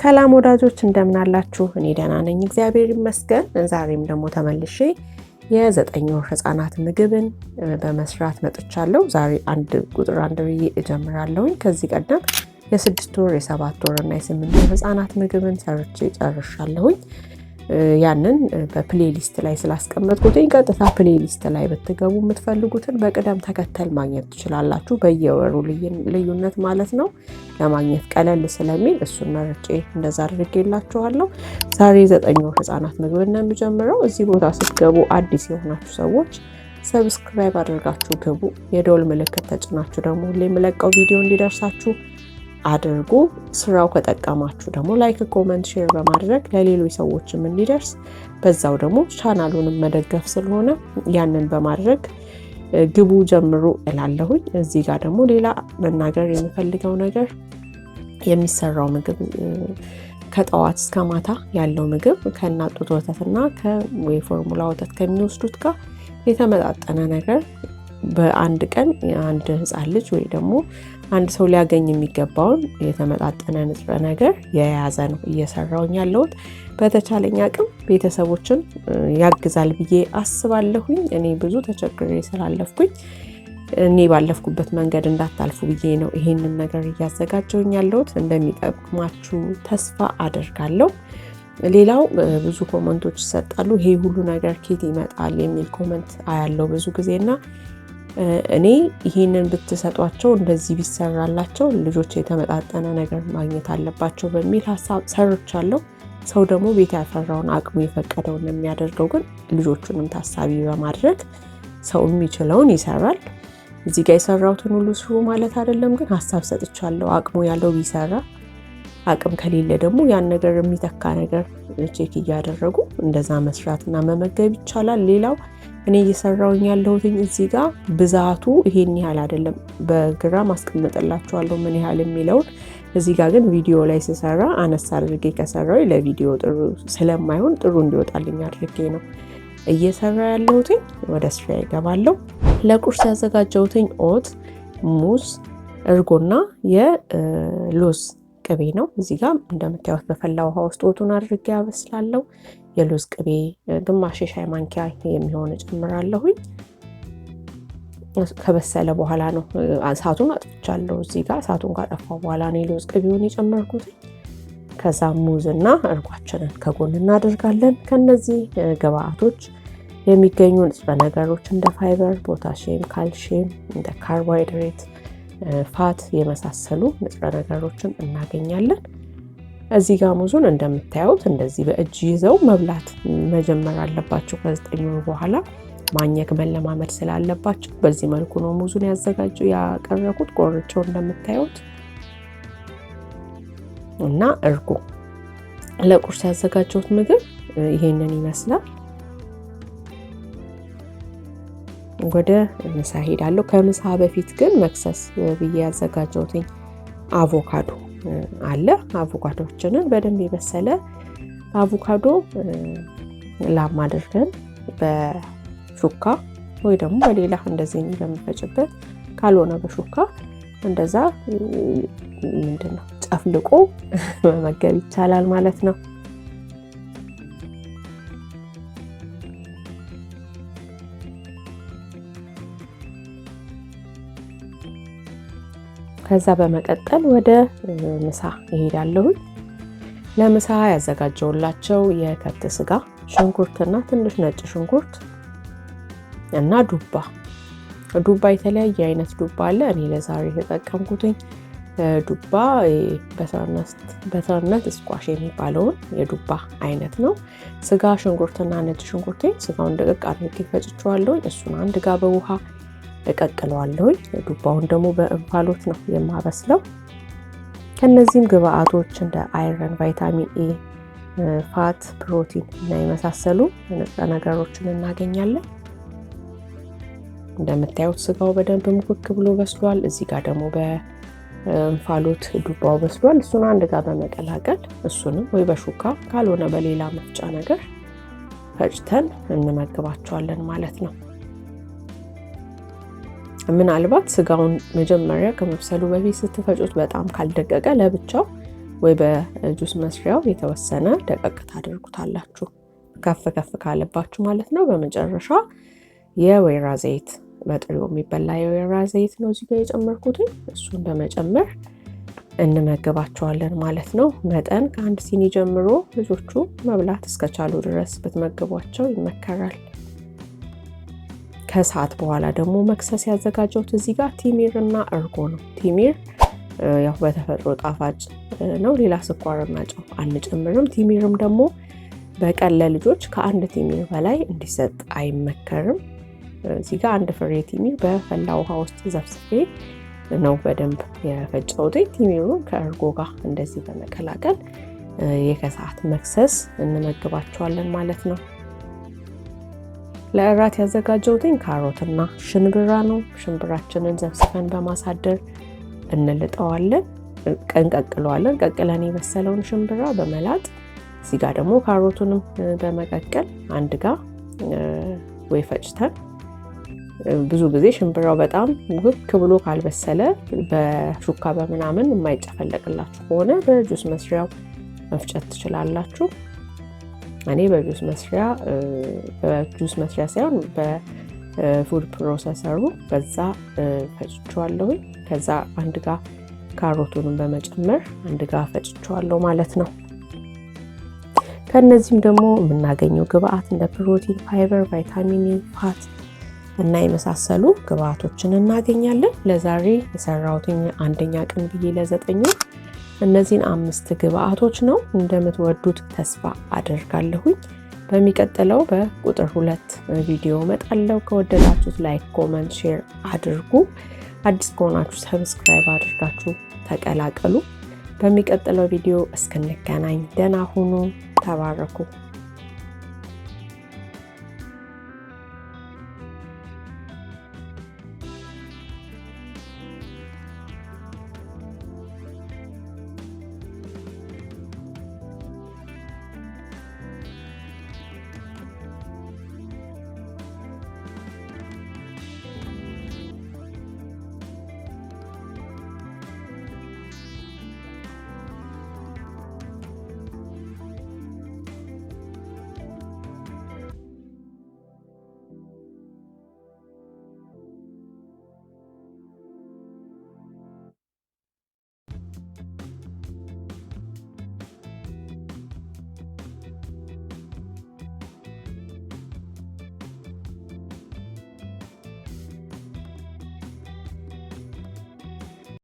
ሰላም ወዳጆች እንደምን አላችሁ? እኔ ደህና ነኝ፣ እግዚአብሔር ይመስገን። ዛሬም ደግሞ ተመልሼ የዘጠኝ ወር ህፃናት ምግብን በመስራት መጥቻለሁ። ዛሬ አንድ ቁጥር አንድ ብዬ እጀምራለሁኝ። ከዚህ ቀደም የስድስት ወር የሰባት ወር እና የስምንት ወር ህፃናት ምግብን ሰርቼ ጨርሻለሁኝ። ያንን በፕሌሊስት ላይ ስላስቀመጥኩትኝ ቀጥታ ፕሌሊስት ላይ ብትገቡ የምትፈልጉትን በቅደም ተከተል ማግኘት ትችላላችሁ። በየወሩ ልዩነት ማለት ነው። ለማግኘት ቀለል ስለሚል እሱን መርጬ እንደዛ አድርጌላችኋለሁ። ዛሬ ዘጠኝ ወር ህጻናት ምግብና የሚጀምረው እዚህ ቦታ ስትገቡ አዲስ የሆናችሁ ሰዎች ሰብስክራይብ አድርጋችሁ ግቡ። የደወል ምልክት ተጭናችሁ ደግሞ ሁሌ የምለቀው ቪዲዮ እንዲደርሳችሁ አድርጉ። ስራው ከጠቀማችሁ ደግሞ ላይክ፣ ኮመንት፣ ሼር በማድረግ ለሌሎች ሰዎችም እንዲደርስ በዛው ደግሞ ቻናሉንም መደገፍ ስለሆነ ያንን በማድረግ ግቡ ጀምሩ እላለሁኝ። እዚህ ጋር ደግሞ ሌላ መናገር የሚፈልገው ነገር የሚሰራው ምግብ ከጠዋት እስከ ማታ ያለው ምግብ ከእናት ጡት ወተትና ፎርሙላ ወተት ከሚወስዱት ጋር የተመጣጠነ ነገር በአንድ ቀን አንድ ህፃን ልጅ ወይ ደግሞ አንድ ሰው ሊያገኝ የሚገባውን የተመጣጠነ ንጥረ ነገር የያዘ ነው እየሰራውኝ ያለሁት። በተቻለኝ አቅም ቤተሰቦችን ያግዛል ብዬ አስባለሁኝ። እኔ ብዙ ተቸግሬ ስላለፍኩኝ እኔ ባለፍኩበት መንገድ እንዳታልፉ ብዬ ነው ይሄንን ነገር እያዘጋጀውኝ ያለሁት። እንደሚጠቅማችሁ ተስፋ አደርጋለሁ። ሌላው ብዙ ኮመንቶች ይሰጣሉ። ይሄ ሁሉ ነገር ኬት ይመጣል የሚል ኮመንት አያለው ብዙ ጊዜና እኔ ይህንን ብትሰጧቸው እንደዚህ ቢሰራላቸው ልጆች የተመጣጠነ ነገር ማግኘት አለባቸው በሚል ሀሳብ ሰርቻለሁ። ሰው ደግሞ ቤት ያፈራውን አቅሙ የፈቀደውን የሚያደርገው ግን ልጆቹንም ታሳቢ በማድረግ ሰው የሚችለውን ይሰራል። እዚህ ጋር የሰራሁትን ሁሉ ስሩ ማለት አይደለም፣ ግን ሀሳብ ሰጥቻለሁ። አቅሙ ያለው ቢሰራ፣ አቅም ከሌለ ደግሞ ያን ነገር የሚተካ ነገር ቼክ እያደረጉ እንደዛ መስራትና መመገብ ይቻላል። ሌላው እኔ እየሰራውኝ ያለሁትኝ እዚህ ጋር ብዛቱ ይሄን ያህል አይደለም። በግራም አስቀምጥላችኋለሁ ምን ያህል የሚለውን እዚህ ጋር ግን ቪዲዮ ላይ ስሰራ አነሳ አድርጌ ከሰራው ለቪዲዮ ጥሩ ስለማይሆን ጥሩ እንዲወጣልኝ አድርጌ ነው እየሰራ ያለሁትኝ። ወደ ስራ ይገባለሁ። ለቁርስ ያዘጋጀሁትኝ ኦት ሙዝ፣ እርጎና የሎዝ ቅቤ ነው። እዚህ ጋር እንደምታዩት በፈላ ውሃ ውስጥ ወጡን አድርጌ ያበስላለሁ። የሎዝ ቅቤ ግማሽ የሻይ ማንኪያ የሚሆን ጨምራለሁኝ። ከበሰለ በኋላ ነው እሳቱን አጥፍቻለሁ። እዚህ ጋር እሳቱን ካጠፋ በኋላ ነው የሎዝ ቅቤውን የጨመርኩት። ከዛ እና እርጓችንን ከጎን እናደርጋለን። ከነዚህ ግብአቶች የሚገኙ ንጥረ ነገሮች እንደ ፋይበር፣ ፖታሽም፣ ካልሽም እንደ ካርቦሃይድሬት ፋት የመሳሰሉ ንጥረ ነገሮችን እናገኛለን። እዚህ ጋር ሙዙን እንደምታዩት እንደዚህ በእጅ ይዘው መብላት መጀመር አለባቸው። ከዘጠኝ ወር በኋላ ማኘክ መለማመድ ስላለባቸው በዚህ መልኩ ነው ሙዙን ያዘጋጁ ያቀረኩት። ቆርጬው እንደምታዩት እና እርጎ ለቁርስ ያዘጋጀሁት ምግብ ይሄንን ይመስላል። ወደ ምሳ ሄዳለሁ። ከምሳ በፊት ግን መክሰስ ብዬ ያዘጋጀውትኝ አቮካዶ አለ። አቮካዶችንን በደንብ የበሰለ አቮካዶ ላም አድርገን በሹካ ወይ ደግሞ በሌላ እንደዚህ በምፈጭበት ካልሆነ በሹካ እንደዛ ምንድን ነው ጨፍልቆ መመገብ ይቻላል ማለት ነው። ከዛ በመቀጠል ወደ ምሳ ይሄዳለሁኝ። ለምሳ ያዘጋጀውላቸው የከብት ስጋ፣ ሽንኩርትና ትንሽ ነጭ ሽንኩርት እና ዱባ። ዱባ የተለያየ አይነት ዱባ አለ። እኔ ለዛሬ የተጠቀምኩትኝ ዱባ በተርነት ስኳሽ የሚባለውን የዱባ አይነት ነው። ስጋ፣ ሽንኩርትና ነጭ ሽንኩርቴ ስጋውን ደቀቅ አድርጌ እሱን አንድ ጋ በውሃ እቀቅለዋለሁኝ። ዱባውን ደግሞ በእንፋሎት ነው የማበስለው። ከነዚህም ግብአቶች እንደ አይረን፣ ቫይታሚን ኤ፣ ፋት፣ ፕሮቲን እና የመሳሰሉ ንጥረ ነገሮችን እናገኛለን። እንደምታዩት ስጋው በደንብ ሙክክ ብሎ በስሏል። እዚህ ጋር ደግሞ በእንፋሎት ዱባው በስሏል። እሱን አንድ ጋር በመቀላቀል እሱንም ወይ በሹካ ካልሆነ በሌላ መፍጫ ነገር ፈጭተን እንመግባቸዋለን ማለት ነው። ምናልባት ስጋውን መጀመሪያ ከመብሰሉ በፊት ስትፈጩት በጣም ካልደቀቀ ለብቻው ወይ በጁስ መስሪያው የተወሰነ ደቀቅ ታደርጉታላችሁ። ከፍ ከፍ ካለባችሁ ማለት ነው። በመጨረሻ የወይራ ዘይት በጥሬው የሚበላ የወይራ ዘይት ነው እዚጋ የጨመርኩትኝ። እሱን በመጨመር እንመግባቸዋለን ማለት ነው። መጠን ከአንድ ሲኒ ጀምሮ ልጆቹ መብላት እስከቻሉ ድረስ ብትመግቧቸው ይመከራል። ከሰዓት በኋላ ደግሞ መክሰስ ያዘጋጀሁት እዚህ ጋር ቲሚር እና እርጎ ነው። ቲሚር ያው በተፈጥሮ ጣፋጭ ነው። ሌላ ስኳርና ጨው አንጨምርም። ቲሚርም ደግሞ በቀን ለልጆች ከአንድ ቲሚር በላይ እንዲሰጥ አይመከርም። እዚህ ጋር አንድ ፍሬ ቲሚር በፈላ ውሃ ውስጥ ዘፍዝፌ ነው በደንብ የፈጨሁት። ቲሚሩን ከእርጎ ጋር እንደዚህ በመቀላቀል የከሰዓት መክሰስ እንመግባቸዋለን ማለት ነው። ለእራት ያዘጋጀሁትኝ ካሮትና ሽንብራ ነው። ሽንብራችንን ዘብስፈን በማሳደር እንልጠዋለን፣ እንቀቅለዋለን። ቀቅለን የበሰለውን ሽንብራ በመላጥ እዚህ ጋር ደግሞ ካሮቱንም በመቀቀል አንድ ጋ ወይ ፈጭተን ብዙ ጊዜ ሽንብራው በጣም ውክ ብሎ ካልበሰለ በሹካ በምናምን የማይጨፈለቅላችሁ ከሆነ በጁስ መስሪያው መፍጨት ትችላላችሁ። እኔ በጁስ መስሪያ በጁስ መስሪያ ሳይሆን በፉድ ፕሮሰሰሩ በዛ ፈጭቸዋለሁ ከዛ አንድ ጋ ካሮቱንም በመጨመር አንድ ጋ ፈጭቸዋለሁ ማለት ነው። ከእነዚህም ደግሞ የምናገኘው ግብአት እንደ ፕሮቲን፣ ፋይበር፣ ቫይታሚን፣ ፋት እና የመሳሰሉ ግብአቶችን እናገኛለን። ለዛሬ የሰራሁትኝ አንደኛ ቀን ብዬ ለዘጠኝ እነዚህን አምስት ግብአቶች ነው እንደምትወዱት ተስፋ አደርጋለሁኝ። በሚቀጥለው በቁጥር ሁለት ቪዲዮ መጣለው ከወደዳችሁት ላይክ፣ ኮመንት፣ ሼር አድርጉ። አዲስ ከሆናችሁ ሰብስክራይብ አድርጋችሁ ተቀላቀሉ። በሚቀጥለው ቪዲዮ እስክንገናኝ ደህና ሁኑ። ተባረኩ።